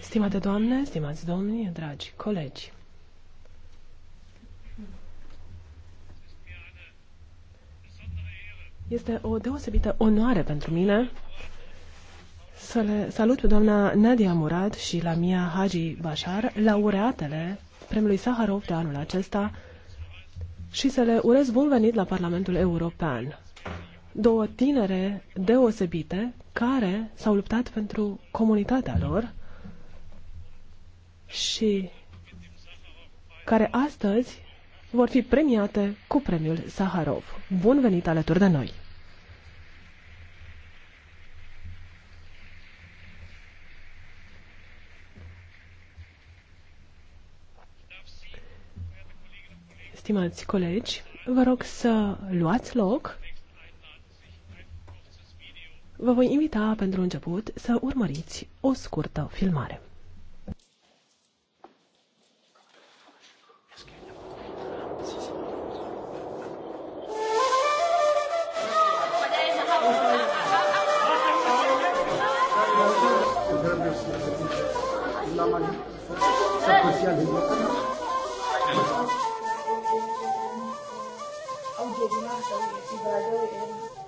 Stimate doamne, stimați domni, dragi colegi. Este o deosebită onoare pentru mine să le salut pe doamna Nadia Murad și la Mia Haji Bashar, laureatele premiului Saharov de anul acesta și să le urez bun venit la Parlamentul European. Două tinere deosebite care s-au luptat pentru comunitatea lor și care astăzi vor fi premiate cu premiul Saharov. Bun venit alături de noi! Stimați colegi, vă rog să luați loc Vă voi invita pentru început să urmăriți o scurtă filmare. I'll give you